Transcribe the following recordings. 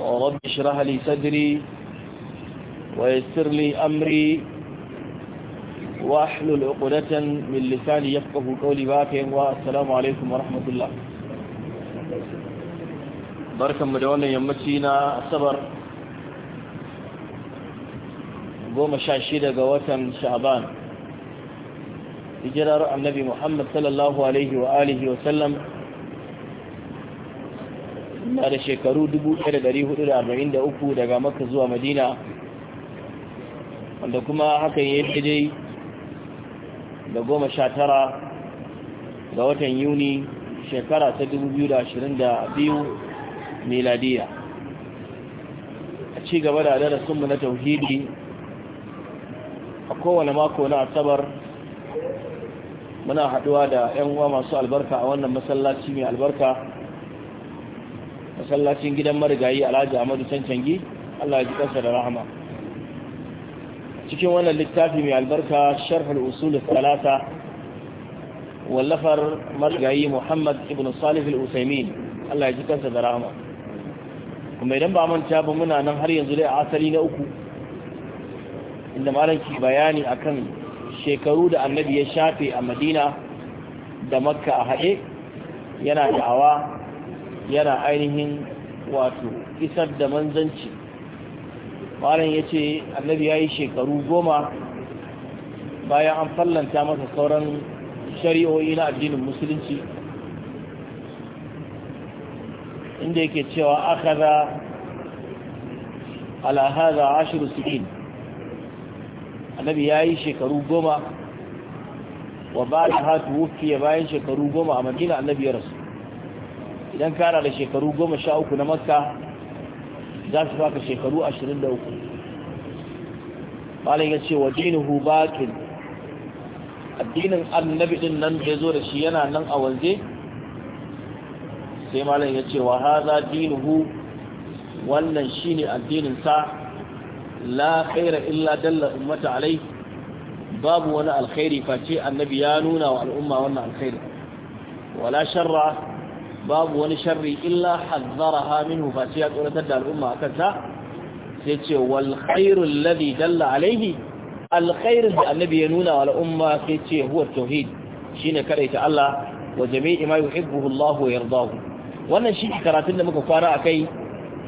رب اشرح لي صدري ويسر لي أمري واحلل عقدة من لساني يفقه قولي باكي والسلام عليكم ورحمة الله بارك الله بركة يا يمتينا الصبر قوم الشاشيدة قوة شعبان بجرار النبي محمد صلى الله عليه وآله وسلم na da shekaru 1443 daga makka zuwa madina wanda kuma hakan ya daidai da goma sha tara ga watan yuni shekara ta 2022 miladiya a ci gaba da sun na tauhidi a kowane mako na asabar muna haduwa da 'yan uwa masu albarka a wannan masallaci mai albarka masallacin gidan marigayi alhaji amadu cancangi allah ji kansa da rahama cikin wannan littafi mai albarka sharhul usul talata wallafar marigayi muhammad ibn salih al-usaimin allah ji kansa da rahama kuma idan ba manta ba muna nan har yanzu dai a asali na uku inda malam ke bayani akan shekaru da annabi ya shafe a madina da makka a haɗe yana da'awa yana ainihin wato isar da manzanci malam ya ce annabi ya yi shekaru goma bayan an fallanta masa sauran shari'o'i na addinin musulunci inda yake cewa aka za alahaza ashiru sikin annabi ya yi shekaru goma wa ba da hatu bayan shekaru goma a madina annabi ya rasu idan kara da shekaru goma sha uku na makka za su baka shekaru ashirin da uku malin ya ce wa dinuhu bakin addinin annabi din nan da ya zo da shi yana nan a wanze sai malin ya ce wa haza dinuhu wannan shine addinin sa la khaira illa dalla ummata alai babu wani alkhairi face annabi ya nuna wa al'umma wannan alkhairi wala sharra babu wani sharri illa hazzaraha minhu fa sai ya tsoratar da al'umma akan sa sai ce wal khairu alladhi dalla alayhi al da annabi ya nuna wa al'umma sai ce huwa tauhid shine ta Allah wa jami'i ma yuhibbuhu Allah wa yardahu wannan shi karatun da muka fara akai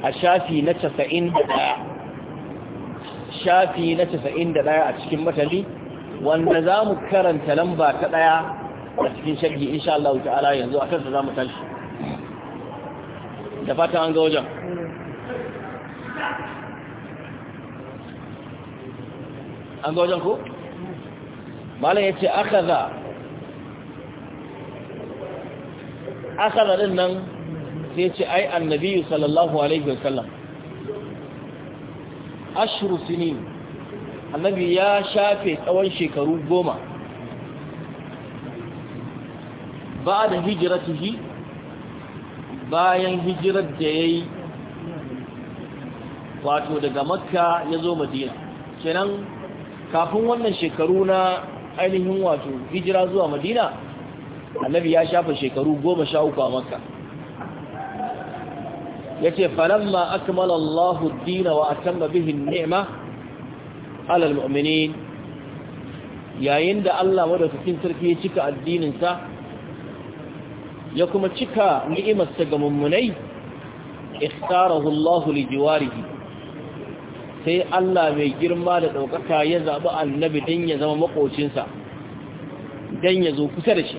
a shafi na 91 shafi na 91 a cikin matali wanda zamu karanta lamba ta daya a cikin sharhi insha Allah ta'ala yanzu akan sa zamu tashi da fata an ga wajen an ga wajen ko? malin ya ce aka za aka za ɗin nan sai ce ai annabi sallallahu alaihi wasallam ashiru sini annabi ya shafe tsawon shekaru goma ba da hijiratihi bayan hijirar da ya yi wato daga makka ya zo madina kenan kafin wannan shekaru na ainihin wato hijira zuwa madina annabi ya shafa shekaru goma sha uku a makka ya ce falamma akmala dina wa atamma bihin ni'ma alal mu'minin yayin da allah madaukakin sarki ya cika addininsa ya kuma cika ni'imarsa ga mummunai ikhtarahu Allah li jiwarihi sai Allah mai girma da daukaka ya zabi annabi din ya zama makocinsa dan ya zo kusa da shi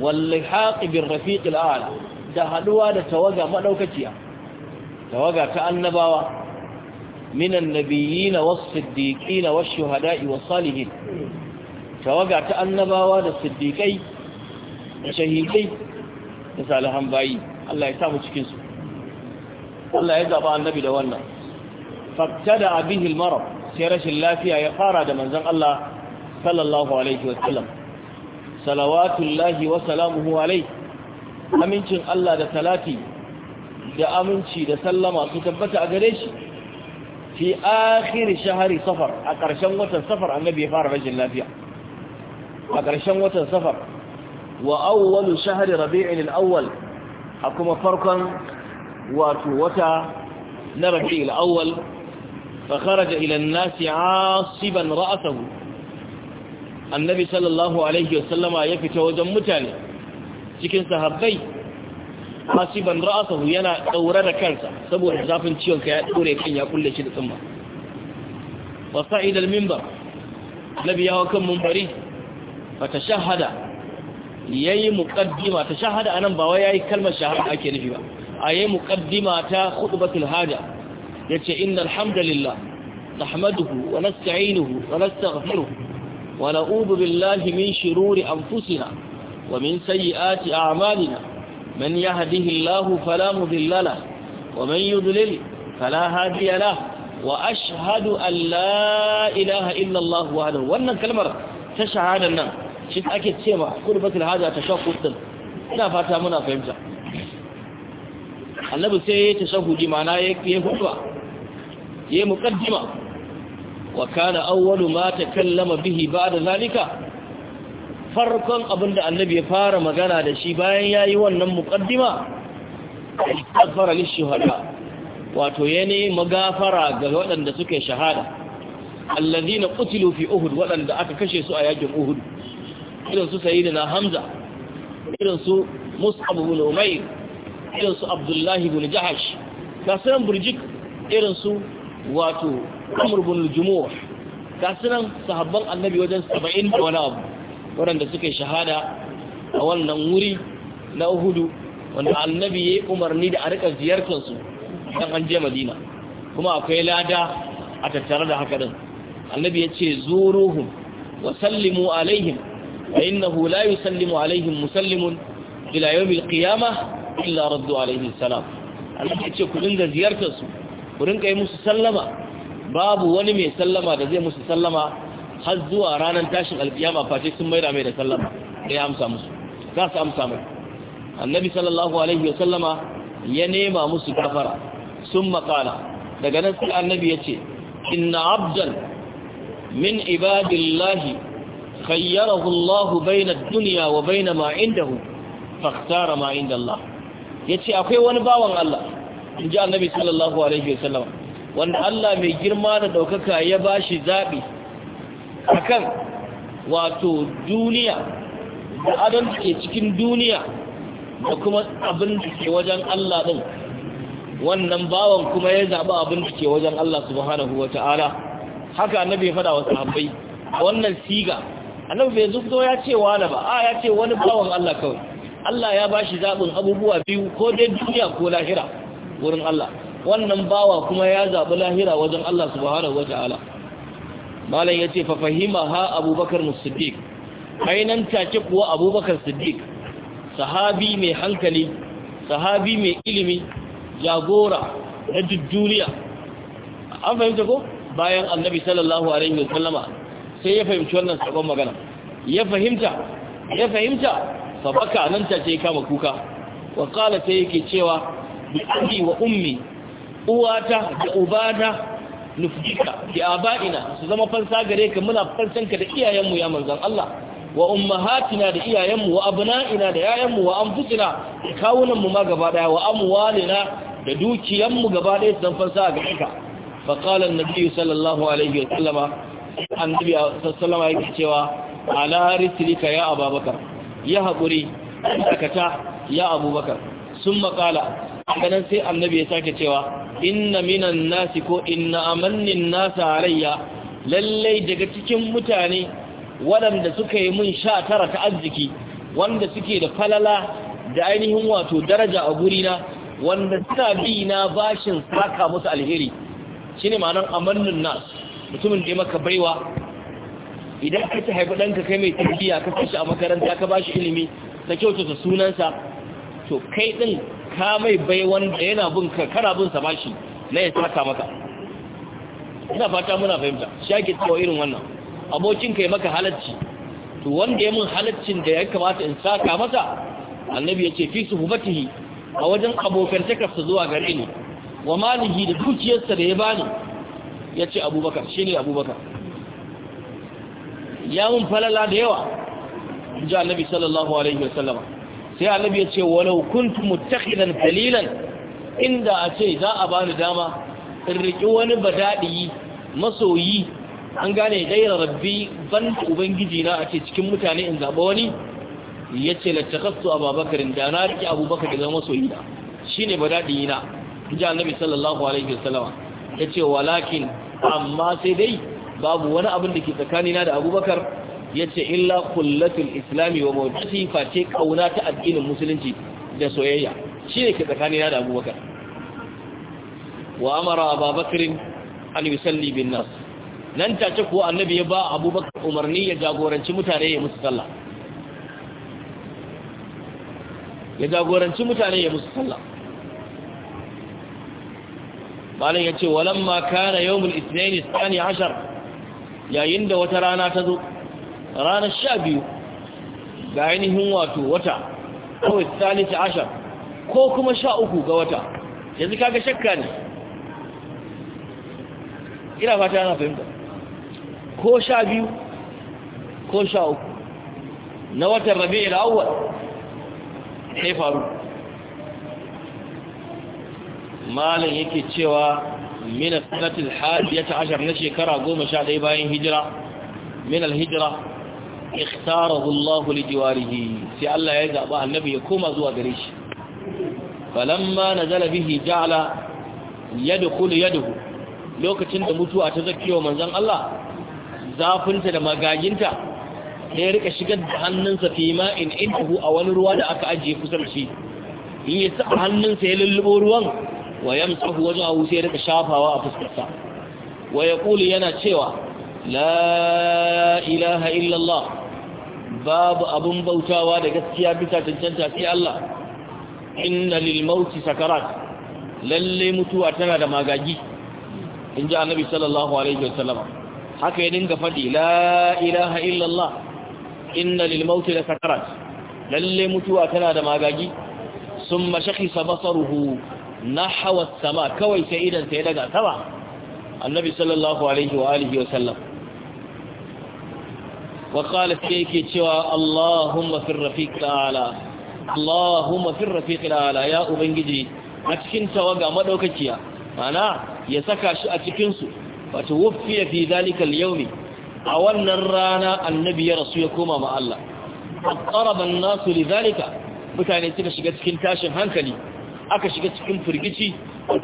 wallihaq bir rafiq al'ala da haduwa da tawaga madaukaciya tawaga ta annabawa minan nabiyyin was-siddiqin wash-shuhada'i was-salihin tawaga ta annabawa da siddiqai da shahidai da salihan bayi Allah ya samu cikinsu. Allah ya zaba annabi da wannan fabtada bihi al-marad sai rashin lafiya ya fara da manzon Allah sallallahu alaihi wa sallam salawatullahi wa salamuhu alaihi amincin Allah da salati da aminci da sallama su tabbata a gare shi fi akhir shahri safar a ƙarshen watan safar annabi ya fara rashin lafiya a ƙarshen watan safar wa awwalu shahri rabi'il al-awwal a kuma farkon wato wata na rabi'il al-awwal fa kharaja ila an-nas 'asiban ra'sahu annabi sallallahu ya fita wajen mutane cikin sahabbai hasiban ra'sahu yana daure da kansa saboda zafin ciwon ka ya dore kan ya kulle shi da tsumma wa sa'id al-minbar nabi ya hawo kan munbari yayi muqaddima ta shahada anan ba ya yayi kalmar shahada ake nufi ba ayi muqaddima ta khutbatul haja yace innal hamdalillah nahmaduhu wa nasta'inuhu wa nastaghfiruh wa na'udhu billahi min shiruri anfusina wa min sayyiati a'malina man yahdihillahu fala mudilla billala wa man yudlil fala hadiya wa ashhadu an la ilaha illa Allah wahdahu wannan kalmar ta shahadar nan shi ake ce ma kurbatul haja ta ina fata muna fahimta annabi sai ya tashahudi mana ya hutuwa ya muqaddima wa kana awwalu ma takallama bihi ba'da zalika farkon abinda annabi ya fara magana da shi bayan yayi wannan muqaddima istaghfara lishuhada wato yana magafara ga waɗanda suke shahada alladhina qutilu fi uhud waɗanda aka kashe su a yakin uhud irin su sayyidina hamza irin su mus'ab ibn umayr irin su abdullahi ibn jahash kasiran burjik irin su wato amr ibn jumuh kasiran sahabban annabi wajen 70 da wani abu suka shahada a wannan wuri na uhudu wanda annabi ya umarni da a rika su don an je madina kuma akwai lada a tattare da haka din annabi ya ce zuruhum wa sallimu alaihim فإنه لا يسلم عليهم مسلم إلى يوم القيامة إلا رد عليه السلام Allah ce ku dinga ziyartar ku dinga musu sallama babu wani mai sallama da zai musu sallama har zuwa ranar tashin alkiyama face sun maida mai da sallama da ya amsa musu za su amsa mai annabi sallallahu alaihi wasallama ya nema musu kafara sun makala daga nan annabi ya ce inna abdan min ibadillahi khayyarahu Allah baina ad-dunya wa baina ma indahu fakhtara ma inda Allah yace akwai wani bawan Allah inji annabi sallallahu alaihi wasallam wanda Allah mai girma da daukaka ya bashi zabi akan wato duniya da adam ke cikin duniya da kuma abin da ke wajen Allah din wannan bawan kuma ya zaba abin da ke wajen Allah subhanahu wa ta'ala haka annabi ya faɗa wa sahabbai wannan siga annabi bai zubdo ya ce wani ba a ya ce wani bawan Allah kawai Allah ya bashi zaɓin abubuwa biyu ko dai duniya ko lahira wurin Allah wannan bawa kuma ya zaɓi lahira wajen Allah subhanahu wata'ala malam ya ce fa fahima ha abubakar siddiq ainihin take kuwa abubakar siddiq sahabi mai hankali sahabi mai ilimi jagora na duniya an fahimta ko bayan annabi sallallahu alaihi wasallama sai ya fahimci wannan sabon magana ya fahimta ya fahimta sabaka nan ta ce kama kuka wa kala sai yake cewa bi abi wa ummi uwata da ubana nufjika bi abaina su zama fansa gare ka muna fansanka da iyayenmu ya manzon Allah wa ummahatina da iyayenmu wa abna'ina da yayanmu wa anfusina kawunanmu ma gaba daya wa amwalina da dukiyanmu gaba daya san fansa gare ka fa qala an-nabi sallallahu alaihi wa sallama annabi sallama yake cewa ala rislika ya abubakar ya haƙuri kata ya abubakar sun makala ganin sai annabi ya sake cewa inna minan nasi ko inna amannin nasa alayya lallai daga cikin mutane waɗanda suka yi mun sha tara ta arziki wanda suke da falala da ainihin wato daraja a gurina wanda suna bi na bashin saka musu alheri shine ma'anar amannin nasu mutumin da ya maka baiwa idan ka ci haifi ɗanka kai mai tafiya ka kashi a makaranta ka ba ilimi na kyautata sunansa to kai ɗin ka mai bai wanda yana bin ka bin sa bashi na ya saka maka ina fata muna fahimta shaki tsawo irin wannan abokin kai maka halacci to wanda ya mun halaccin da ya kamata in saka masa annabi ya ce fi suhbatihi a wajen abokantakarsa zuwa gare ni wa malihi da dukiyarsa da ya bani ya ce abubakar shi ne abubakar ya mun falala da yawa ji annabi sallallahu alaihi wasallama sai annabi ya ce walau kuntu mutakhidan dalilan inda a ce za a bani dama in riki wani badadi masoyi an gane gaira rabbi ban ubangiji na a ce cikin mutane in zaba wani ya ce lattakastu ababakarin da na riki abubakar da zama masoyi na shi ne badadi na ji annabi sallallahu alaihi wasallama ya ce walakin amma sai dai babu wani abin da ke tsakanina da abubakar ya ce illa kullatul islami wa mawajati face kauna ta addinin musulunci da soyayya shi ne ke tsakanina da abubakar wa amara ababakarin an salli bin nas nan ta ce kuwa annabi ya ba abubakar umarni ya jagoranci mutane ya musu sallah ya jagoranci mutane ya musu sallah malam ya ce walamma kana yawmul isnaini tsani ashar yayin da wata rana ta zo ranar sha biyu ga ainihin wato wata kawai tsani ta ashar ko kuma sha uku ga wata yanzu kaga shakka ne ina fata yana fahimta ko sha biyu ko sha uku na watan rabi'ul awwal sai faru malam yake cewa min sanatil hadiyata ashar na shekara goma sha ɗaya bayan hijira min alhijira ikhtarahu Allah li jiwarihi sai Allah ya zaba annabi ya koma zuwa gare shi falamma nazala bihi ja'ala yadkhulu yaduhu lokacin da mutuwa ta zakkiyo manzon Allah zafinta da magajinta ya rika shigar da hannunsa fi ma'in indahu a wani ruwa da aka ajiye kusa shi in ya hannunsa ya lullubo ruwan wa wajen wajhahu sai rika shafawa a fuskarsa waya kuli yana cewa la ilaha illallah babu abun bautawa da gaskiya bisa cancanta sai Allah inna lil mauti sakarat lalle mutuwa tana da magagi inji annabi sallallahu alaihi wasallam haka ya dinga fadi la ilaha illallah Allah inna lil mauti sakarat lalle mutuwa tana da magagi summa shakhisa basaruhu hawa sama kawai sai idan sai daga sama annabi sallallahu alaihi wa alihi wa sallam wa qala sai yake cewa allahumma fir rafiq ta'ala allahumma fir rafiq ya ubangiji a cikin tawaga madaukakiya mana ya saka shi a cikin su wato wuffiya fi zalika al a wannan rana annabi ya rasu ya koma ma Allah qaraba an li lidhalika mutane suka shiga cikin tashin hankali aka shiga cikin firgici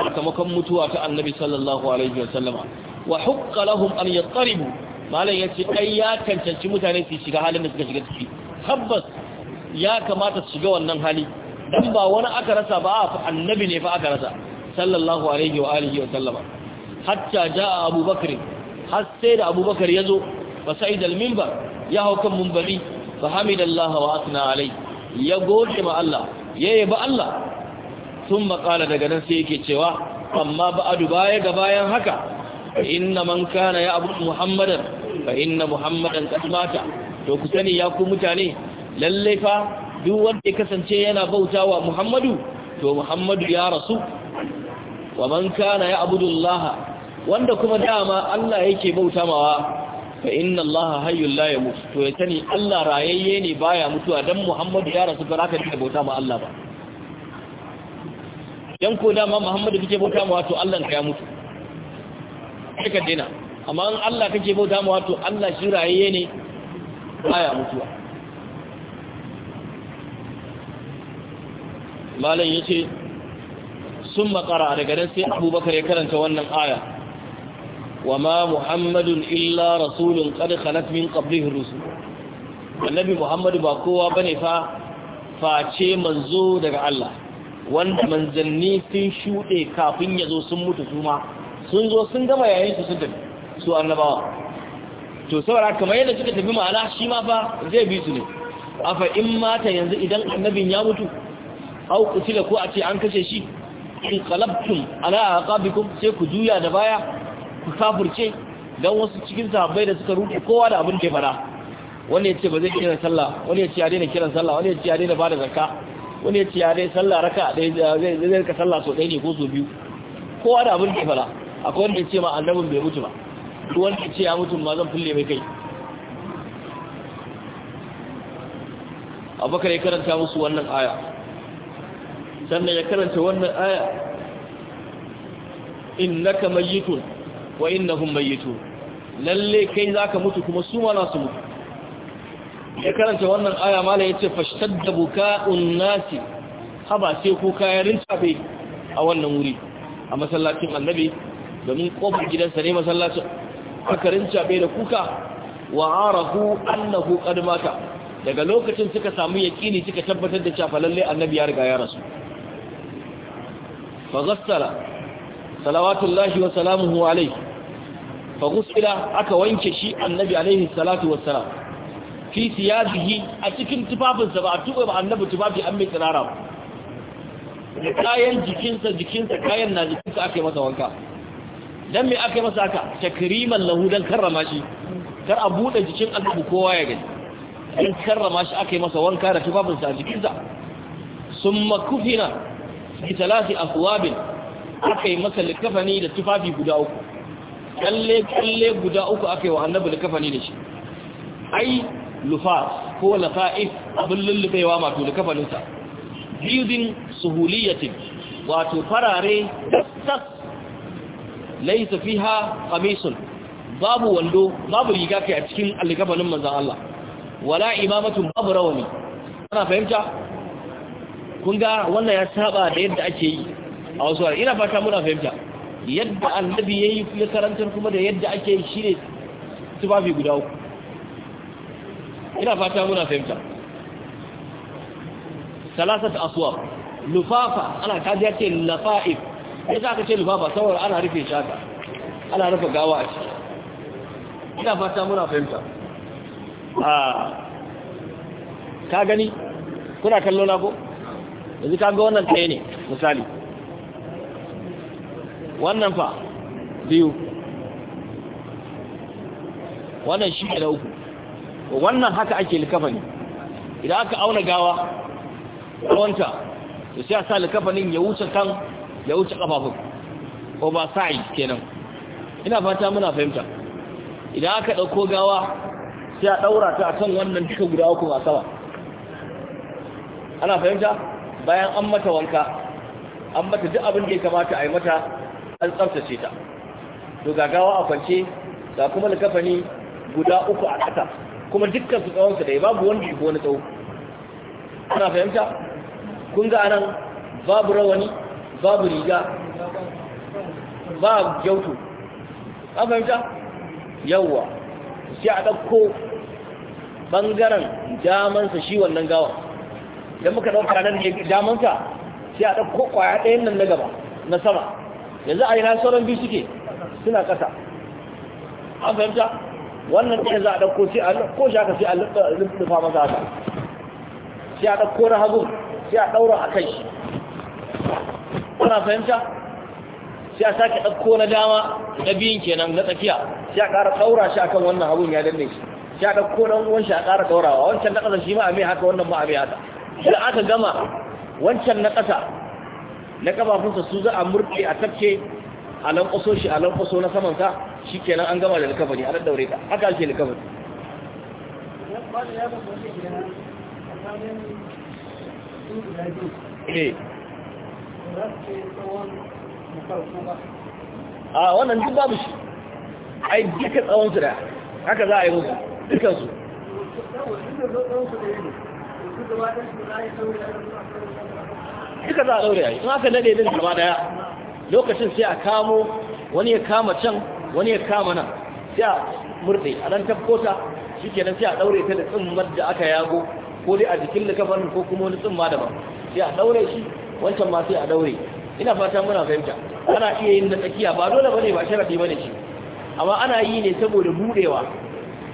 sakamakon mutuwa ta annabi sallallahu alaihi wasallama wa hukka lahum an yattaribu malam yace ai ya cancanci mutane su shiga halin da suka shiga ciki tabbas ya kamata su shiga wannan hali dan ba wani aka rasa ba a annabi ne fa aka rasa sallallahu alaihi wa alihi wasallama hatta jaa abubakar har sai da abubakar yazo fa sa'id al-minbar ya hau kan munbari fa hamidallahi wa asna alai ya gode ma Allah ya yaba Allah sun makala daga nan sai yake cewa amma ba'adu baya ga bayan haka inna man kana ya abu muhammadan fa inna muhammadan kasmata to ku sani ya ku mutane lalle fa duk wanda ya kasance yana bautawa muhammadu to muhammadu ya rasu wa man kana ya abudullah wanda kuma dama Allah yake bauta mawa fa inna Allah hayyul la yamut to ya sani Allah rayayye ne baya mutuwa dan muhammadu ya rasu ba za ka bauta ma Allah ba Yan ko dama Muhammadu kake bauta ma wato Allah ka ya mutu kika dena amma in Allah kake bauta ma wato Allah shi rayaye ne baya mutuwa malam yace sun makara daga nan sai abubakar ya karanta wannan aya wa ma muhammadun illa rasulun qad khalat min qablihi rusul annabi muhammadu ba kowa bane fa face manzo daga Allah wanda manzanni sun shuɗe kafin ya zo sun mutu suma sun zo sun gama yayin su sun tafi su annabawa to saboda kamar yadda suka tafi ma'ana shi ma fa zai bi su ne afa in mata yanzu idan annabin ya mutu au kutila ko a ce an kashe shi in qalabtum ala aqabikum sai ku juya da baya ku kafurce dan wasu cikin sahabbai da suka rufe kowa da abin da ya fara wani ya ce ba zai kiran sallah wani ya ce ya daina kiran sallah wani ya ce ya daina bada zakka wani ya ce ya dai sallah raka zai zai ka sallah so ɗaya ne ko so biyu kowa da abin da fara akwai wanda ya ce ma annabin bai mutu ba duk wanda ya ce ya mutu ma zan fulle mai kai abubakar ya karanta musu wannan aya sannan ya karanta wannan aya In innaka mayyitun wa yi tun? lalle kai za ka mutu kuma su ma su mutu ya karanta wannan aya mala ya ce fashtar da buka'un nasi haba sai kuka ya rintabe a wannan wuri a masallacin annabi domin kofar gidansa ne masallacin aka rintabe da kuka wa arahu annahu qad mata daga lokacin suka samu yaƙini suka tabbatar da cewa lalle annabi ya riga ya rasu fa ghassala salawatullahi wa salamuhu alai, fa ghassala aka wanke shi annabi alaihi salatu wassalam fi siyabihi a cikin tufafinsa ba a tuɓe ba annabi tufafi an mai tsirara ba da kayan jikinsa jikinsa kayan na jikinsa aka yi masa wanka dan me aka yi masa haka takriman lahu dan karrama shi kar a buɗe jikin annabi kowa ya gani dan karrama shi aka yi masa wanka da tufafinsa a jikinsa summa kufina bi talati aswabin aka yi masa likafani da tufafi guda uku kalle kalle guda uku aka yi wa annabi likafani da shi ai Lufa ko lafa'if abin lullubewa mato da kafalinsa biyudin suhuliyatin wato farare sas laisa fiha qamisun babu wando babu riga kai a cikin alkafanin manzon Allah wala Imamatu babu rawani ana fahimta kun ga wannan ya saba da yadda ake yi a wasu ina fata muna fahimta yadda annabi yayi ya karantar kuma da yadda ake yi shine tufafi guda uku ina fata muna fahimta salasat aswaq lufafa ana kaji ya ce lafa'if ya za ka ce lufafa saboda ana rufe shaka ana rufe gawa a ciki ina fata muna fahimta a ka gani kuna kallo na ko yanzu ka ga wannan tsaye ne misali wannan fa biyu wannan shi da uku wannan haka ake likafani idan aka auna gawa kawanta to sai a sa likafanin ya wuce kan ya wuce kafafun oversize kenan ina fata muna fahimta idan aka ɗauko gawa sai a ɗaura ta a kan wannan duka guda uku a sama ana fahimta bayan an mata wanka an mata duk abin da ya kamata a yi mata an tsaftace ta to gagawa a kwance ga kuma likafani guda uku a ƙasa kuma dukkan su tsawon su dai babu wanda yi wani tsawo ana fahimta kun ga anan babu rawani babu riga ba gyautu an fahimta yawwa sai a ɗauko ɓangaren damansa shi wannan gawa idan muka ɗauka nan da damansa sai a ɗauko ƙwaya ɗayan nan na gaba na sama yanzu a yi na sauran biyu suke suna ƙasa an fahimta wannan ɗaya za a ɗauko sai a ko shi aka sai a lufa masa haka sai a ɗauko na hagu sai a ɗaura a kai shi kuna fahimta sai a sake ɗauko na dama na biyun kenan na tsakiya sai a ƙara ɗaura shi akan wannan hagu ya danne shi sai a ɗauko na uwan shi a ƙara ɗaurawa wancan na ƙasa shi ma a mai haka wannan ma a mai haka a aka gama wancan na ƙasa na ƙafafunsa su za a murɗe a tafke a lanƙwaso shi a lanƙwaso na samansa shikenan an gama da likafani a daure ka aka ake likafani eh. a wannan duk babu shi yi duka tsawon su da haka za a yi musu dukan su duka za a daure yi in aka nade din gaba daya lokacin sai a kamo wani ya kama can wani ya kama nan sai a murde a shi ke shikenan sai a daure ta da tsimmar da aka yago ko dai a jikin kafarin ko kuma wani tsimma daban sai a daure shi wancan ma sai a daure ina fata muna fahimta ana iya yin na tsakiya ba dole bane ba sharadi bane shi amma ana yi ne saboda budewa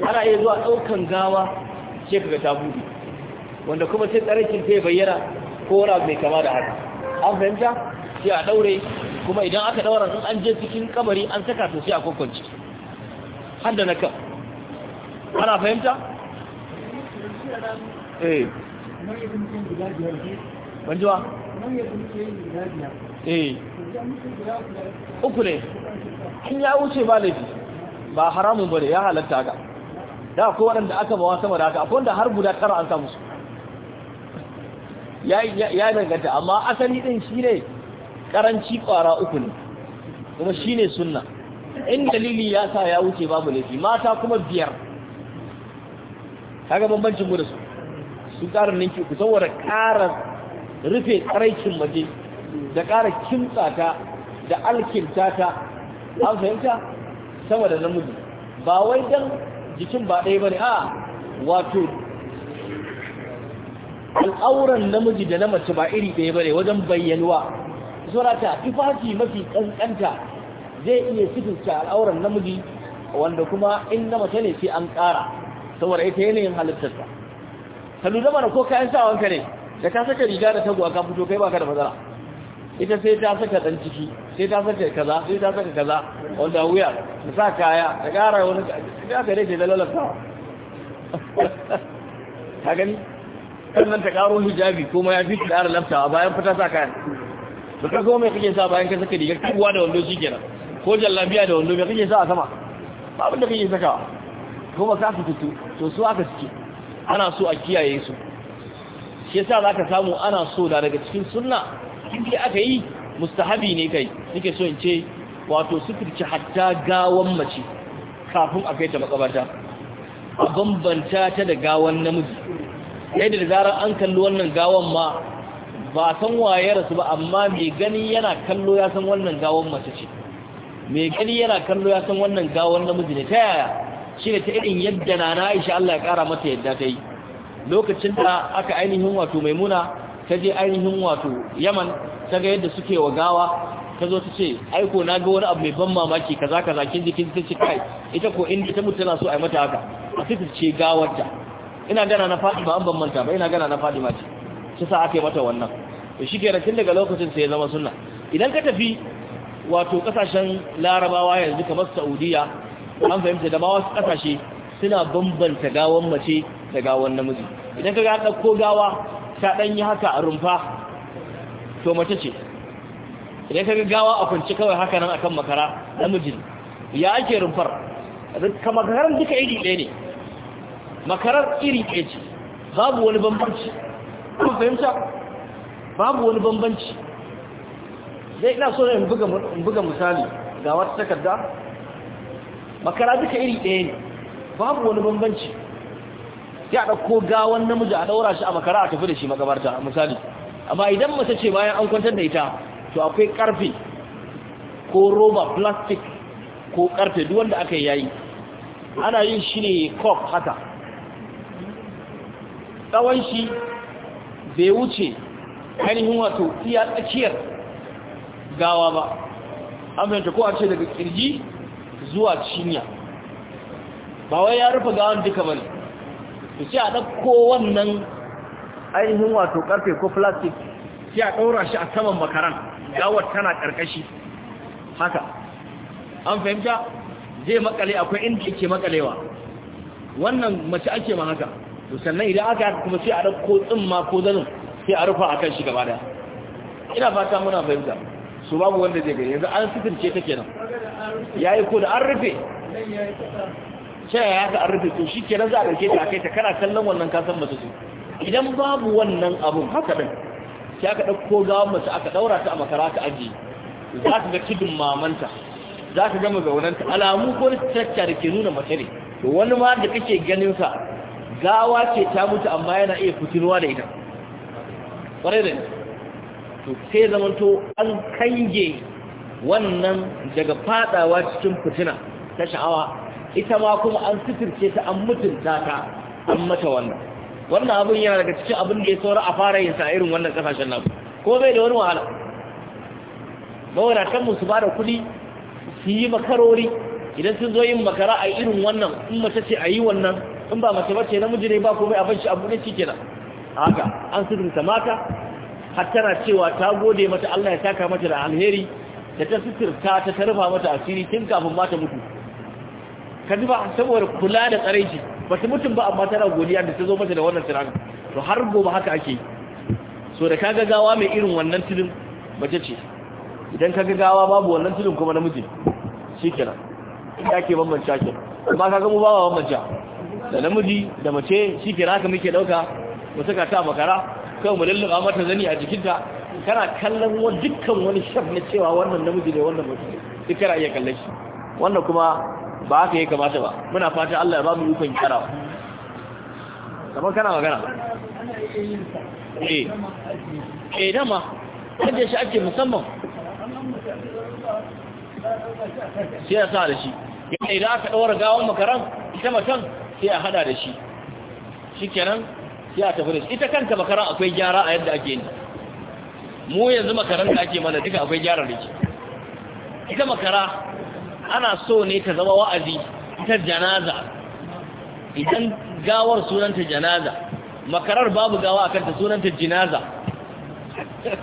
ana iya zuwa ɗaukan gawa sai kaga ta bude wanda kuma sai tsarakin sai bayyana ko wani abu mai kama da haka an fahimta sai a daure kuma idan aka daura in an je cikin kabari an saka to sai a kwakwanci hadda na kan ana fahimta eh banjuwa eh uku ne in ya wuce ba laifi ba haramun bane ya halatta haka da ko waɗanda aka bawa sama da haka akwai wanda har guda tara an samu su ya danganta amma asali ɗin shi ne karanci kwara uku ne kuma shine sunna in dalili ya sa ya wuce babu laifi mata kuma biyar kaga bambancin gudu su su ƙara ninki ku saboda ƙara rufe karaikin waje da ƙara kimsa ta da alkinta ta an fahimta sama da namiji ba wai dan jikin ba ɗaya bane a wato al'auran namiji da na mace ba iri ɗaya bane wajen bayyanuwa surata tufafi mafi kankanta zai iya sifinta al'auran namiji wanda kuma in na mace ne sai an ƙara saboda ita yanayin halittarsa ka lura mana ko kayan sawanka ne da ka saka riga da a kafin fito kai baka da matsala ita sai ta saka dan ciki sai ta saka kaza sai ta saka kaza wanda wuya ta sa kaya ta ƙara wani da ka dai da lalata ta gani sannan ta ƙaro hijabi kuma ya fi ƙara laftawa bayan fita sa kaya. da ka mai kake sa bayan ka saka rigar kuwa da wando shikenan ko jallabiya da wando me kake sa a sama ba abin da kake saka kuma ka fitu to su aka suke ana so a kiyaye su shi yasa zaka samu ana so da daga cikin sunna dai aka yi mustahabi ne kai nake so in ce wato sufurci hatta gawan mace kafin a kai ta makabarta a bambanta ta da gawan namiji yadda da zarar an kalli wannan gawan ma ba a san waye rasu ba amma mai gani yana kallo ya san wannan gawon mace ce mai gani yana kallo ya san wannan gawon namiji ne ta yaya shi ne ta irin yadda na na Aisha Allah ya kara mata yadda ta yi lokacin da aka ainihin wato maimuna ta je ainihin wato yaman ta ga yadda suke wa gawa ta zo ta ce aiko na ga wani abu mai ban mamaki kaza kaza kin ji kin ce kai ita ko inda ta mutu tana so a yi mata haka a sai ta ce gawarta ina gana na ba an ban manta ba ina gana na ma ce shi sa aka yi mata wannan to shi kenan tun daga lokacin sai ya zama suna? idan ka tafi wato kasashen larabawa yanzu kamar saudiya an fahimta da ma wasu kasashe suna bambanta gawan mace da gawan namiji idan ka ga ko gawa ta ɗan yi haka a rumfa to mace ce idan ka ga gawa a kunci kawai haka nan akan makara namiji ya ake rumfar ka makarar duka iri ɗaya ne makarar iri ɗaya ce babu wani bambanci kuma fahimta babu wani bambanci zai ina so in buga misali ga wata takarda makara duka iri ɗaya ne babu wani bambanci ya ɗauko gawan namiji a ɗaura shi a makara a tafi da shi magabarta misali amma idan mace ce bayan an kwantar da ita to akwai ƙarfe ko roba plastic ko ƙarfe duk wanda aka yayi ana yin shi ne kok haka tsawon shi bai wuce ainihin wato iya tsakiyar gawa ba an fahimta ko a ce daga kirji zuwa cinya ba wai ya rufe gawan duka ba ne. to ce a ɗauko wannan ainihin wato ƙarfe ko plastic sai a ɗaura shi a saman makaran gawar tana ƙarƙashi haka an fahimta zai makale akwai inda yake makalewa wannan mace ake ma haka sannan idan aka yi kuma sai a ɗauko tsimma ko zanin sai a rufa akan shi gaba daya ina fata muna fahimta su babu wanda zai gani yanzu an sitirce ta kenan yayi ko da an rufe sai ya haka an rufe to shi kenan za a ɗauke ta kai ta kana kallon wannan kasan masu su idan babu wannan abun haka din sai aka ɗauko gawar mace aka ɗaura ta a makara ta ajiye za ka ga tudun mamanta za ka gama zaunanta alamu ko na tattara da ke nuna mace ne to wani ma da kake ganin sa gawa ce ta mutu amma yana iya fitinuwa da ita kwarai da to sai zamanto an kange wannan daga fadawa cikin fitina ta sha'awa ita ma kuma an sitirce ta an mutunta ta an mata wannan wannan abin yana daga cikin abin da ya saura a fara yin sa irin wannan kasashen nan ko bai da wani wahala mawadatan mu su ba da kuɗi su yi makarori idan sun zo yin makara a irin wannan in mace ce a yi wannan in ba mace bace namiji ne ba komai a shi abu ne shi kenan haka an sutunta mata har tana cewa ta gode mata Allah ya saka mata da alheri da ta suturta ta tarfa mata asiri tun kafin mata mutu kaji ba saboda kula da tsareji ba ta mutum ba amma tana godiya da ta zo mata da wannan tsiran to har gobe haka ake so da kaga gawa mai irin wannan tudun mace ce idan kaga gawa babu wannan tudun kuma namiji shikenan inda ke bambanta kenan amma kaga mu ba bambanta da namiji da mace shikenan haka muke dauka mu saka ta makara kawai mu lallaba mata zani a jikinta kana kallon wa dukkan wani shaf na cewa wannan namiji ne wannan mutum duk kana iya kallon shi wannan kuma ba haka ya kamata ba muna fatan Allah ya ba mu ikon kyara kamar kana magana eh eh dama je shi ake musamman sai a sa da shi idan aka ɗaura gawon makaran ita matan sai a hada da shi shi kenan sai a tafi da shi ita kanta makara akwai gyara a yadda ake yi mu yanzu makaran da ake mana duka akwai gyara da shi. ita makara ana so ne ta zama wa'azi ita janaza idan gawar sunanta janaza makarar babu gawa a kanta sunanta jinaza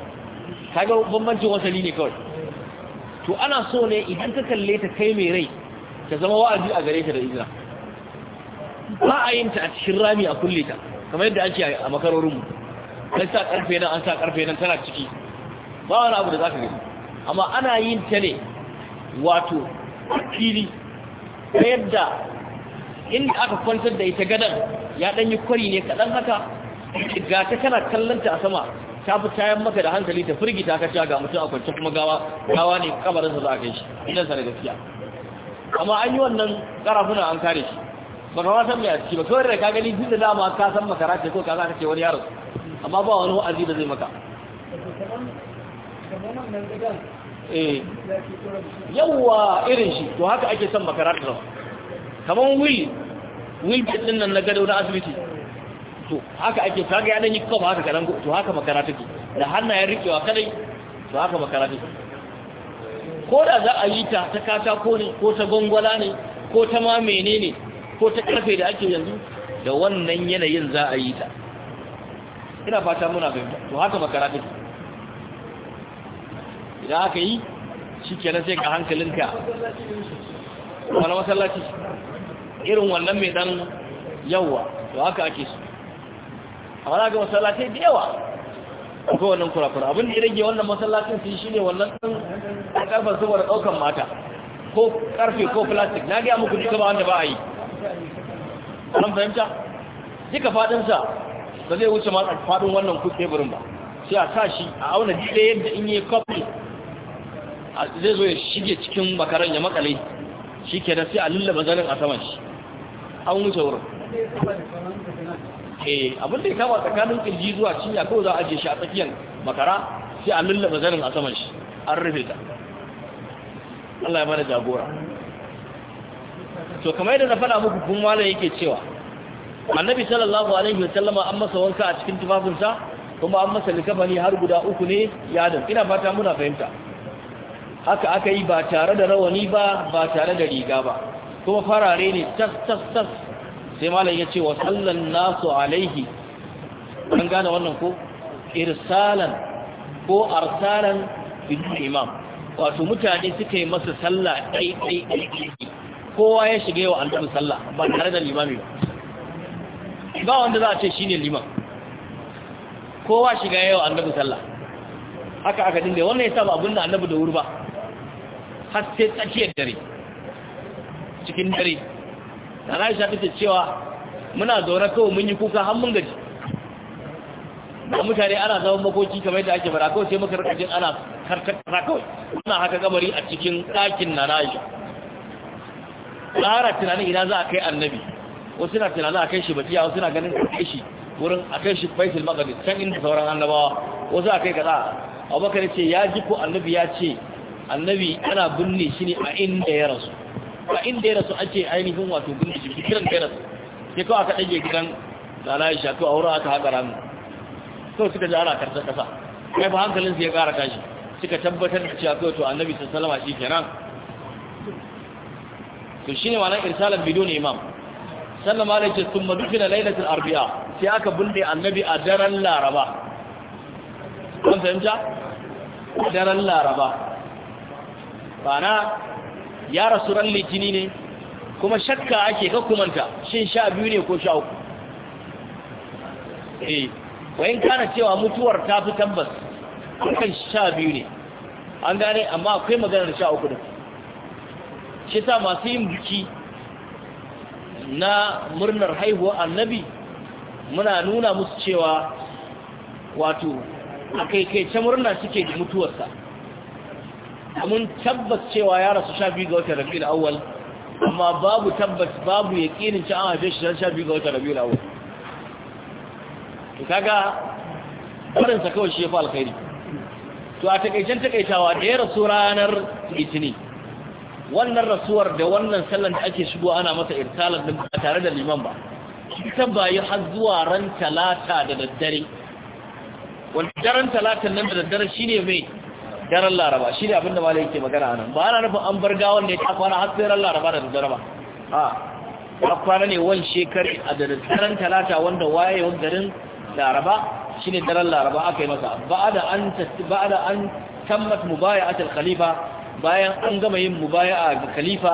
kaga bambancin wasali ne kawai to ana so ne idan ka kalle ta kai mai rai ta zama wa'azi a gare ta da izina ba a yin ta a cikin rami a kulle ta kamar yadda ake a makarorinmu an sa karfe nan an sa karfe nan tana ciki ba wani abu da za ka gani amma ana yin ta ne wato fili ta yadda inda aka kwantar da ita gadon ya ɗan yi kwari ne kaɗan haka ga ta kana kallonta a sama ta fi tayan maka da hankali ta firgita ka ga mutum a kwance kuma gawa gawa ne za a kai shi idan sa da gaskiya amma an yi wannan karafuna an kare shi baka ka san me a ciki ba kawai da ka gani duk da dama ka san makara ce ko ka za ka ce wani yaro amma ba wani wa'azi da zai maka eh. yawwa irin shi to haka ake son makara ta zama kamar wil wil din nan na gado na asibiti to haka ake ka ga dan yi kafa haka karan to haka makara take da hannayen rikewa kadai to haka makara take ko da za a yi ta ta katako ne ko ta gwangwala ne ko ta ma menene ko ta karfe da ake yanzu da wannan yanayin za a yi ta ina fata muna fahimta to haka makara take idan aka yi shi kenan sai ka hankalinka wani masallaci irin wannan mai dan yawa to haka ake su A wani aga masallaci da yawa ko wannan kurakura abin da ya rage wannan masallacin sun shi ne wannan ɗan ƙarfar saboda ɗaukar mata ko ƙarfe ko plastic na gaya muku duka ba wanda ba a yi an fahimta duka fadinsa ba zai wuce ma fadin wannan burin ba sai a tashi a auna dile yadda in yi kofi zai zo ya shige cikin makaran ya makale shi ke da sai a lullaba zanen a saman shi an wuce wurin eh abin da ya kama tsakanin kirji zuwa ya kawo za a ajiye shi a tsakiyar makara sai a lullaba zanen a saman shi an rufe ta Allah ya mana jagora to kamar yadda na faɗa muku kun malam yake cewa annabi sallallahu alaihi wa sallama an masa wanka a cikin tufafinsa kuma an masa likafani har guda uku ne yadin ina fata muna fahimta haka aka yi ba tare da rawani ba ba tare da riga ba kuma farare ne tas tas tas sai malam ya ce wa sallan nasu alaihi an gane wannan ko irsalan ko arsalan bidun imam wato mutane suka yi masa sallah ɗai ɗai ɗai kowa ya shige wa annabi sallah ba tare da limami ba ba wanda za a ce shine liman kowa shiga yawa wa annabi sallah haka aka dinga wannan yasa ba da annabi da wuri ba har sai tsakiyar dare cikin dare da Aisha take cewa muna zaune kawai mun yi kuka har mun gaji ba mutane ana zaman makoki kamar yadda ake bara kawai sai muka rika ana karkar kawai suna haka kabari a cikin ɗakin na Aisha tsara tunanin ina za a kai annabi wasu na tunanin a kai shi bakiya wasu na ganin kai shi wurin a kai shi faisal magadi can inda sauran annabawa wasu a kai kaza abubakar ce ya ji ko annabi ya ce annabi ana binne shi ne a inda ya rasu a inda ya rasu ake ainihin wato binne shi kiran da ya rasu sai kawai aka ɗage gidan lana ya shafi a wurin aka haƙa rami. kawai suka ji ana karsa ƙasa kai ba hankalinsu ya ƙara tashi suka tabbatar da cewa kawai to annabi salama shi kenan to shine wannan irsalan bidon imam sallama alaihi thumma dufina lailatul arbi'a sai aka bunde annabi a daren laraba kun fahimta daren laraba bana ya rasu ran litini ne kuma shakka ake kakkumanta shin sha biyu ne ko sha uku eh wayin kana cewa mutuwar ta fi tabbas kan sha biyu ne an gane amma akwai maganar sha uku din shi sa masu yin biki na murnar haihuwa annabi muna nuna musu cewa wato a ta murna suke da mutuwarsa mun tabbas cewa ya rasu sha biyu ga watan rabi'ul awwal amma babu tabbas babu yaqinin cewa an haife shi sha biyu ga watan rabi'ul awwal to kaga barin sa kawai shi ya fa alkhairi to a takeicen takeitawa da ya rasu ranar litinin wannan rasuwar da wannan sallan da ake shigo ana masa irkalar din ba tare da liman ba ita bayi har zuwa ran talata da daddare wanda daren talata nan da daddare shine mai daren laraba shi ne abinda malai yake magana nan. ba ana nufin an bar gawan da ya kwana har sai laraba da daddare ba a ya kwana ne wani shekari a da daren talata wanda waye garin laraba shine daren laraba aka yi masa Ba an ba'ada an tammat mubaya'atul khalifa bayan an gama yin mubaya'a ga khalifa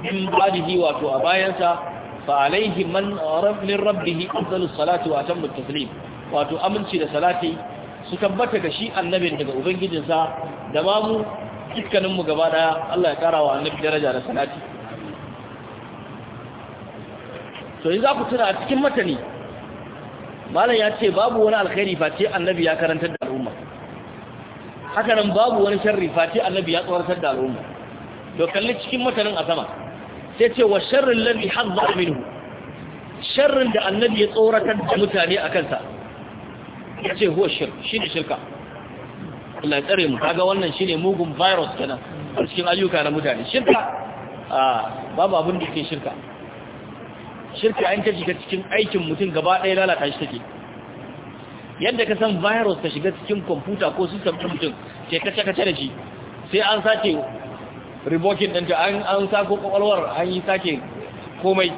min badihi wato a bayansa fa alaihi man min rabbih afdalu salatu wa atammu taslim wato aminci da salati su tabbata ga shi annabin daga ubangijinsa da ba mu dukkanin mu gaba daya Allah ya kara wa annabi daraja da salati to yanzu ku tuna a cikin matani malam ya ce babu wani alkhairi face annabi ya karantar da haka nan babu wani sharri fati annabi ya tsawartar da al'umma to kalli cikin matanin a sama sai ce wa sharrin ladhi hadda minhu sharrin da annabi ya tsoratar da mutane a kansa ya ce huwa shir shi ne shirka Allah ya tsare mu kaga wannan shine mugun virus kenan a cikin ayyuka na mutane shirka a babu abin da ke shirka shirka an ta cikin aikin mutum gaba ɗaya lalata shi take yadda ka san virus ka shiga cikin kwamfuta ko system ɗin mutum ce kacce-kacce da shi sai an sace rebokin ɗinta an an sako kwakwalwar an yi sake komai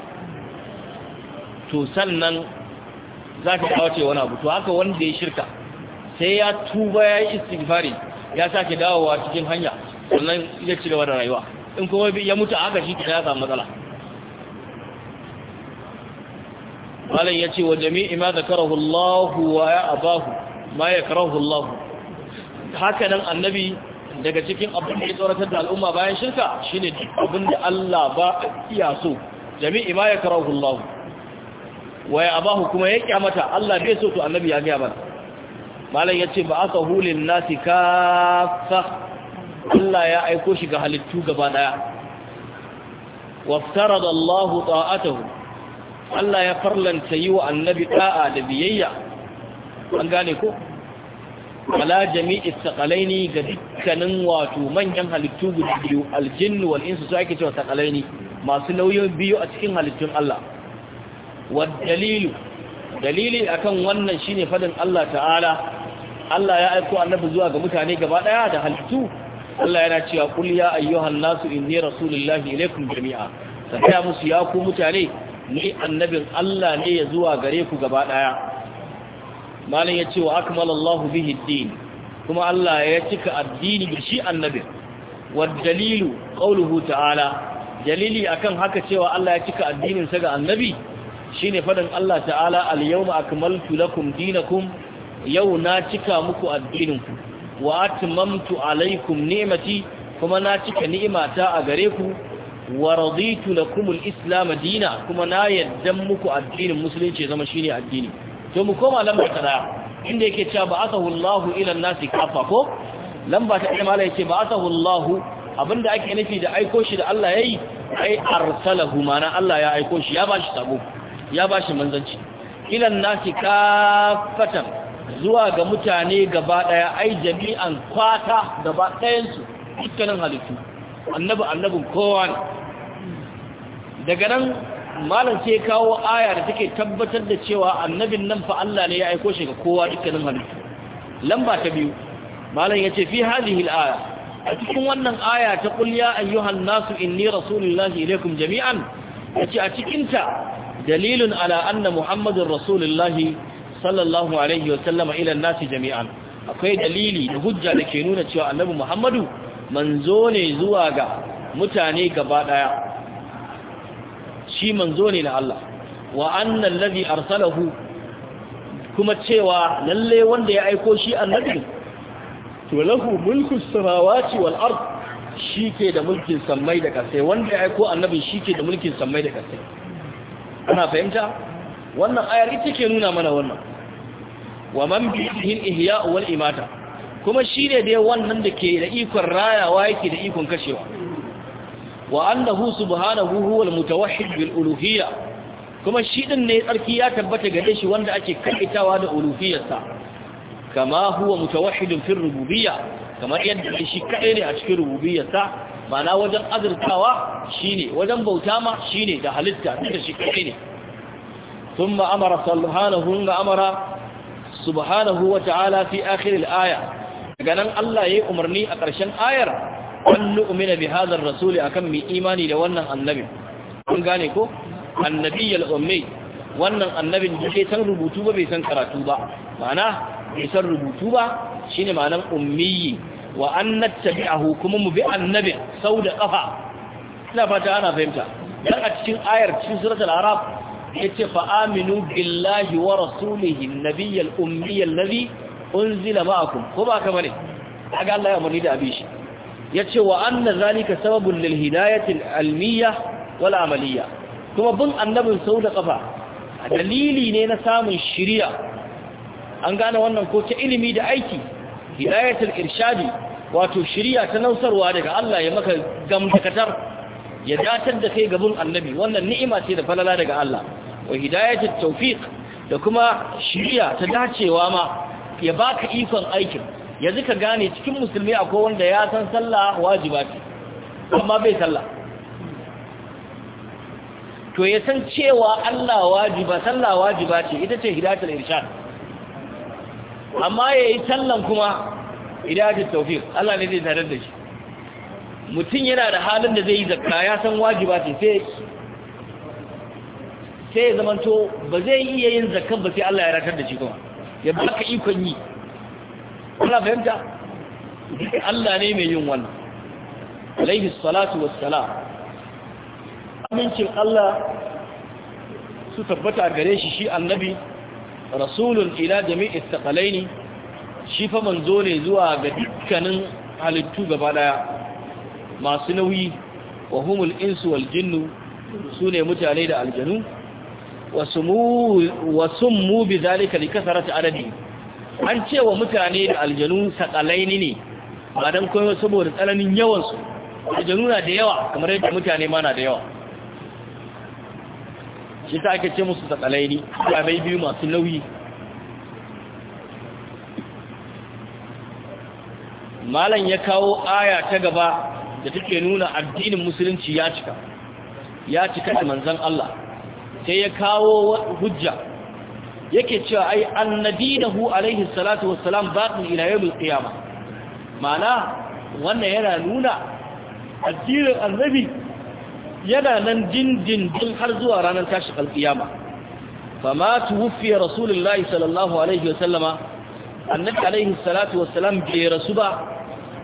to sannan za ka kawace wani abu to haka wanda ya shirka sai ya tuba ya yi istighfari ya sake dawowa cikin hanya sannan ya ci gaba da rayuwa in kuma ya mutu a haka shi ya samu matsala malam ce wa jami'i ma zakarahu Allah wa ya abahu ma ya yakrahu Allah haka nan annabi daga cikin abin da ya tsoratar da al'umma bayan shirka shine duk abin da Allah ba iya so jami'i ma ya yakrahu Allah wa ya abahu kuma ya kyamata Allah bai so to annabi ya gaya mana malam ce ba aka hulin nasi kafa Allah ya aiko shi ga halittu gaba daya waftarada Allah ta'atahu Allah ya farlanta yi wa annabi ɗa'a da biyayya an gane ko ala jami'i saqalaini ga dukkanin wato manyan halittu guda biyu aljin wal su ake cewa saqalaini masu nauyin biyu a cikin halittun Allah wad dalili akan wannan shine faɗin Allah ta'ala Allah ya aiko annabi zuwa ga mutane gaba ɗaya da halittu Allah yana cewa qul ya ayyuhan nasu ne rasulullahi ilaykum jami'a sai musu ya ku mutane ni annabin Allah ne ya zuwa gare ku gaba ɗaya. malam ce, wa akmalallahu bihi din kuma Allah ya cika addini da shi annabin wa dalilu qauluhu ta'ala dalili akan haka cewa Allah ya cika addinin sa ga annabi shine faɗin Allah ta'ala al-yawma akmaltu lakum dinakum yau na cika muku addininku wa atmamtu alaikum ni'mati kuma na cika ni'imata a gare ku wa raditu lakum al-islam dina kuma na yaddan muku addinin musulunci zama shine addini to mu koma lamba ta daya inda yake cewa ba'athahu Allahu ila an-nasi kafa ko lamba ta daya malai yace ba'athahu Allahu abinda ake nufi da aiko shi da Allah yayi ai arsalahu mana Allah ya aiko shi ya bashi sabo ya bashi manzanci ila an-nasi kafatan zuwa ga mutane gaba daya ai jami'an kwata gaba dayan su dukkanin halittu annabi annabin kowa ne daga nan malam sai kawo aya da take tabbatar da cewa annabin nan fa Allah ne ya aiko shi ga kowa dukkanin halittu lamba ta biyu malam yace fi hadhihi al a cikin wannan aya ta qul ya ayyuhan nasu inni rasulullahi ilaikum jami'an yace a cikinta ta dalilun ala anna muhammadin rasulullahi sallallahu alaihi wa sallama ila nasi jami'an akwai dalili da hujja da ke nuna cewa annabi muhammadu manzo ne zuwa ga mutane gaba daya shi manzo ne na Allah wa annal ladhi arsalahu kuma cewa lalle wanda ya aiko shi annabi to lahu mulku samawati wal ard shike da mulkin samai da kasai wanda ya aiko annabi shike da mulkin samai da kasai ana fahimta wannan ayar ita ke nuna mana wannan wa man bihi al ihya wal imata kuma shi ne dai wannan da ke da ikon rayawa yake da ikon kashewa wa annahu subhanahu huwal mutawahhid bil uluhiyya kuma shi din ne tsarki ya tabbata gare shi wanda ake kaitawa da uluhiyarsa kama huwa mutawahhidun fi rububiyya kama yadda shi kadai ne a cikin rububiyarsa mana wajen azurtawa shine wajen bauta ma shine da halitta duka shi kadai ne thumma amara sallahu wa amara subhanahu wa ta'ala fi akhir al-aya daga nan Allah ya yi umarni a ƙarshen ayar wani umina bi hazar rasuli akan mai imani da wannan annabin. kun gane ko annabi al'ummai wannan annabin da bai san rubutu ba bai san karatu ba ma'ana bai san rubutu ba shine ma'anan ummiyi wa an nattabi'ahu kuma mu bi annabin sau da kafa ina fata ana fahimta dan a cikin ayar cikin suratul arab yace fa aminu billahi wa rasulihi nabiyil ummiy alladhi unzila ma'akum ko ba ka bane kaga Allah ya umarni da abin shi yace wa anna zalika sababun lil hidayati al almiyya wal amaliyya kuma bin annabin sauda kafa dalili ne na samun shiriya an gane wannan ko ta ilimi da aiki hidayatul irshadi wato shiriya ta nausarwa daga Allah ya maka gamtakatar ya datar da kai gaban annabi wannan ni'ima ce da falala daga Allah wa hidayatul tawfiq da kuma shiriya ta dacewa ma ya baka ikon aikin yanzu ka gane cikin musulmi akwai wanda ya san sallah wajiba ce amma bai sallah to ya san cewa Allah wajiba sallah wajiba ce ita ce hidayatul irshad amma yayi sallan kuma hidayatul tawfiq Allah ne zai tarar da shi mutum yana da halin da zai yi zakka ya san wajiba ce sai sai ya zamanto ba zai iya yin zakkan ba sai Allah ya ratar da shi kuma ya aka ikon yi kuna fahimta Allah ne mai yin wannan alaihi salatu wassalam amincin Allah su tabbata gare shi shi annabi rasulun ila jami'i istaqalaini shi fa manzo ne zuwa ga dukkanin halittu gaba daya masu nauyi wa humul insu wal jinnu sune mutane da aljanu wasun mu bi zalika li kasarati adadi an ce wa mutane da aljanu sakalaini ne ba dan koyo saboda tsananin yawan su aljanu na da yawa kamar yadda mutane ma na da yawa shi ta ake ce musu sakalaini ba bai biyu masu nauyi malam ya kawo aya ta gaba da take nuna addinin musulunci ya cika ya cika da manzon Allah sai ya kawo hujja yake cewa ai annadinahu alaihi salatu wassalam baqi ila yawmil qiyamah mana wannan yana nuna addinin annabi yana nan din har zuwa ranar tashi alqiyama fama tuwfi rasulullahi sallallahu alaihi wasallama annabi alaihi salatu wassalam bai rasu ba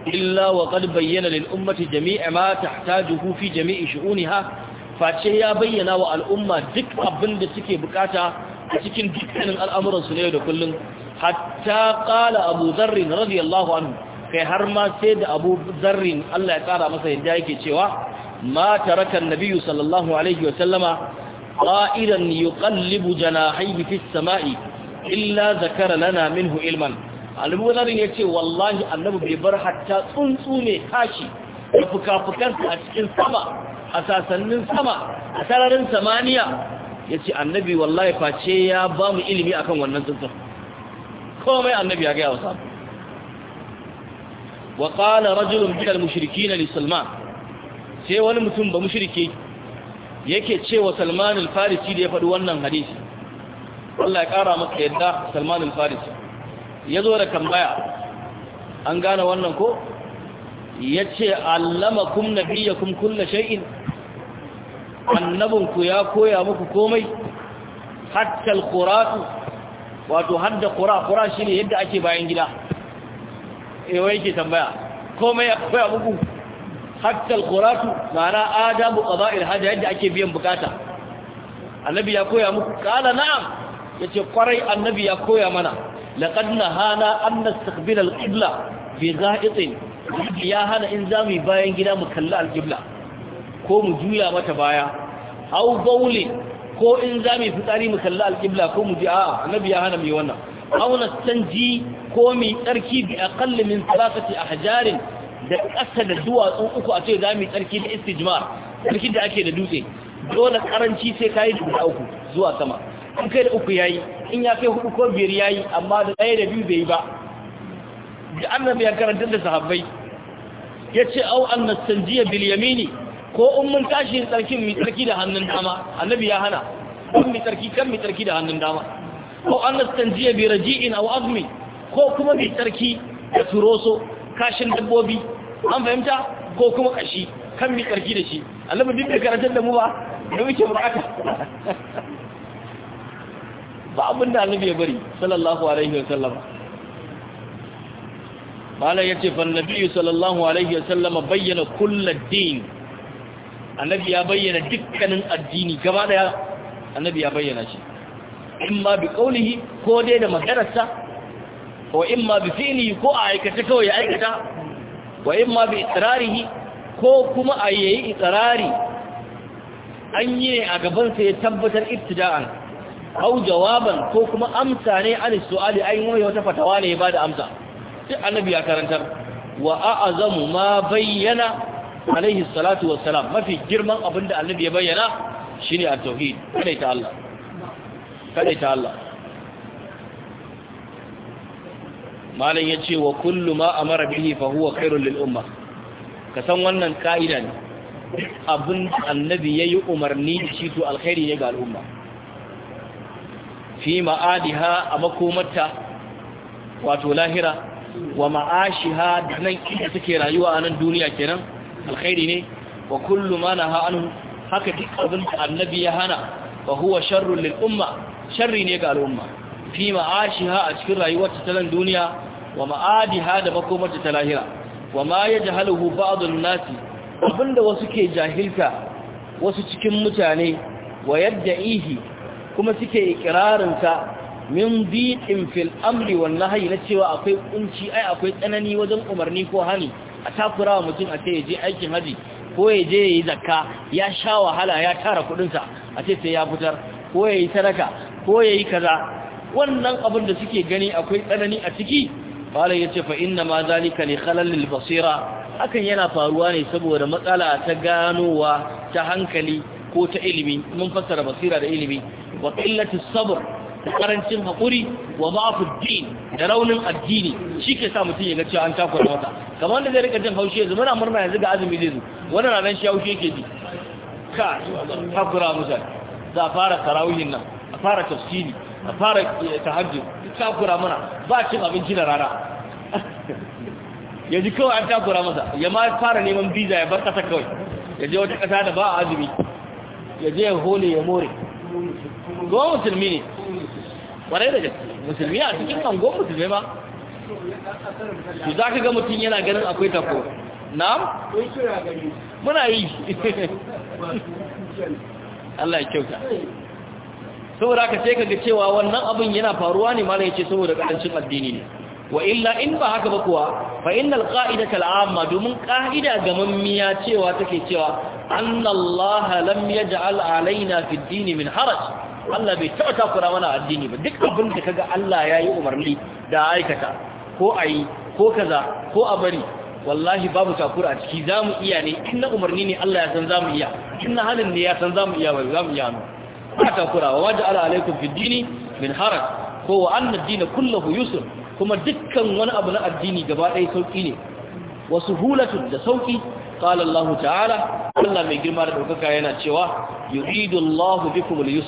illa wa qad bayyana lil ummati jami'a ma tahtajuhu fi jami'i shu'uniha face ya bayyana wa al'umma duk abin da suke bukata a cikin dukkanin al'amuransu ne da kullum hatta ƙala abu zarrin radiyallahu anhu kai har ma sai da abu zarrin Allah ya tsara masa yadda yake cewa ma tarakan nabiyu sallallahu alaihi wa sallama qa'idan yuqallibu janahihi fis sama'i illa zakara lana minhu ilman abu ya yace wallahi annabi bai bar hatta tsuntsu ne tashi da fuka-fukansa a cikin sama a sasannin sama a sararin samaniya ya ce annabi wallahi face ya ba mu ilimi akan wannan tsuntsun komai annabi ya gaya wa sabu wa ƙala rajulun bidal mushriki na lissalman sai wani mutum ba mushriki yake cewa salman al-farisi da ya faɗi wannan hadisi wallahi ƙara maka yadda salman farisi ya zo da kambaya an gane wannan ko Ya ce yace allamakum nabiyakum kullu shay'in annabinku ya koya muku komai hatta alquratu wato hadda qura shi ne yadda ake bayan gida eh wai yake tambaya komai ya koya muku hatta alquratu ma'ana adabu qada'il hada yadda ake biyan bukata annabi ya koya muku kala na'am ce ƙwarai annabi ya koya mana na nahana an nastaqbila alqibla bi gha'itin ya hana in za mu yi bayan gida mu kalli alƙibla ko mu juya mata baya au baule ko in za mu yi fitsari mu kalli alƙibla ko mu ji a'a annabi ya hana mu yi wannan au nastanji ko mu yi tsarki bi aqall min thalathati ahjarin da ƙasa da duwatsu uku a ce za mu yi tsarki da istijmar tsarki da ake da dutse dole karanci sai kai da guda uku zuwa sama in kai da uku yayi in ya kai hudu ko biyar yayi amma da ɗaya da biyu bai yi ba da annabi ya karanta da sahabbai ya ce au an nastanjiya bil yamini ko in mun tashi tsarkin mai tsarki da hannun dama annabi ya hana kan mai tsarki kan mai tsarki da hannun dama ko an nastanjiya bi raji'in au azmi ko kuma mai tsarki da turoso kashin dabbobi an fahimta ko kuma kashi kan mai tsarki da shi annabi duk da karantar da mu ba da muke buƙata ba abin da annabi ya bari sallallahu alaihi wa sallama malam yace fa annabi sallallahu alaihi wasallam bayyana kullu din annabi ya bayyana dukkanin addini gaba daya annabi ya bayyana shi imma bi qawlihi ko dai da magararsa wa imma bi fi'lihi ko a aikata kawai ya aikata wa imma bi iqrarihi ko kuma a yayi iqrari an yi a gaban sa ya tabbatar ibtida'an au jawaban ko kuma amsa ne an su'ali ayin wani wata fatawa ne ya bada amsa sai annabi ya karantar wa a'azamu ma bayyana alaihi salatu wassalam mafi girman abin da annabi ya bayyana shine at-tauhid kada ta Allah kada ta Allah malam yace wa kullu ma amara bihi fa huwa khairul lil umma ka san wannan ka'ida ne abin annabi yayi umarni shi to alkhairi ne ga al'umma fi ma'adiha a makomarta wato lahira wa ma'ashiha da nan inda suke rayuwa a nan duniya kenan alkhairi ne wa kullu ma naha haka duk abin da annabi ya hana wa huwa sharrun lil umma sharri ne ga al'umma fi ma'ashiha a cikin rayuwar ta nan duniya wa ma'adiha da makomar ta lahira wa ma yajhaluhu ba'd an-nas abinda wasu ke jahilta wasu cikin mutane wa yadda ihi kuma suke ikirarin sa min dhiqin fil amri wan nahyi na cewa akwai kunci ai akwai tsanani wajen umarni ko hani a takura wa mutum a ce ya je aikin haji ko ya je yayi zakka ya sha wahala ya tara kudin sa a ce sai ya fitar ko yayi sadaka ko yayi kaza wannan abin da suke gani akwai tsanani a ciki qala yace fa inna ma zalika li khalal basira hakan yana faruwa ne saboda matsala ta ganowa ta hankali ko ta ilimi mun fassara basira da ilimi wa qillatu sabr da karancin haƙuri wa ba'afu din da raunin addini shi ke sa mutum ya ga cewa an takura mata. kamar wanda zai rika jin haushi yanzu muna murna yanzu ga azumi zai zo wannan ranar shi haushi yake ji ka takura musa za a fara tarawihin nan a fara tafsiri a fara eh, tahajjud takura mana ba cin abinci da rana yanzu kawai an takura masa ya ma fara neman biza ya bar kasa kawai ya je wata ƙasa da ba a azumi ya je ya hole ya more goma musulmi ne kwarai da gaske musulmi a cikin angon musulmi ba su za ka ga mutum yana ganin akwai tako na? muna yi Allah ya kyauta saboda ka ce kaga cewa wannan abin yana faruwa ne mana ce saboda karancin addini ne wa illa in ba haka ba kuwa fa innal qa'idata al'amma domin qa'ida gamammiya cewa take cewa annallaha lam yaj'al alaina fid din min haraj Allah bai taɓa takura mana addini ba duk abin da kaga Allah ya yi umarni da aikata ko a yi ko kaza ko a bari wallahi babu takura a ciki za mu iya ne in na umarni ne Allah ya san za mu iya in na halin ne ya san za mu iya ba za mu iya no ba takura wa wajen ala alaikum fi dini min haraj ko wa anna dina kullahu yusuf kuma dukkan wani abu na addini gaba ɗaya sauƙi ne wasu hulatun da sauƙi qala ta'ala Allah mai girma da daukaka yana cewa yuridu Allah bikum al ne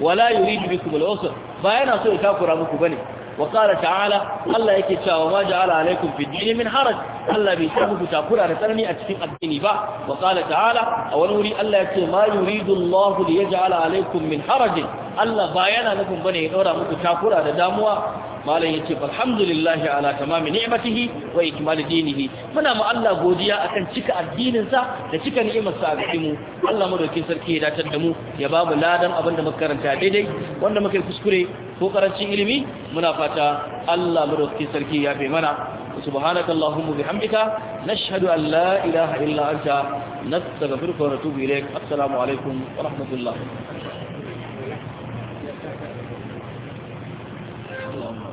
wala yuridu bikum so ya takura muku bane wa qala yake cewa ma ja'ala alaikum fi dini min haraj Allah bai sa takura da tsanani a cikin addini ba wa ta'ala a wani wuri Allah ce ma yuridu da ya yaj'ala alaikum min haraj Allah ba nufin bane ya daura muku takura da damuwa malam yace alhamdulillahi ala tamami ni'matihi wa ikmali dinihi muna mu Allah godiya akan cika addinin sa da cika ni'imar sa a mu Allah madaukin sarki ya datar da mu ya ba mu ladan abin da muka karanta daidai wanda muka kuskure ko karancin ilimi muna fata Allah madaukin sarki ya bai mana سبحانك اللهم وبحمدك نشهد أن لا إله إلا أنت نستغفرك ونتوب إليك السلام عليكم ورحمة الله اللهم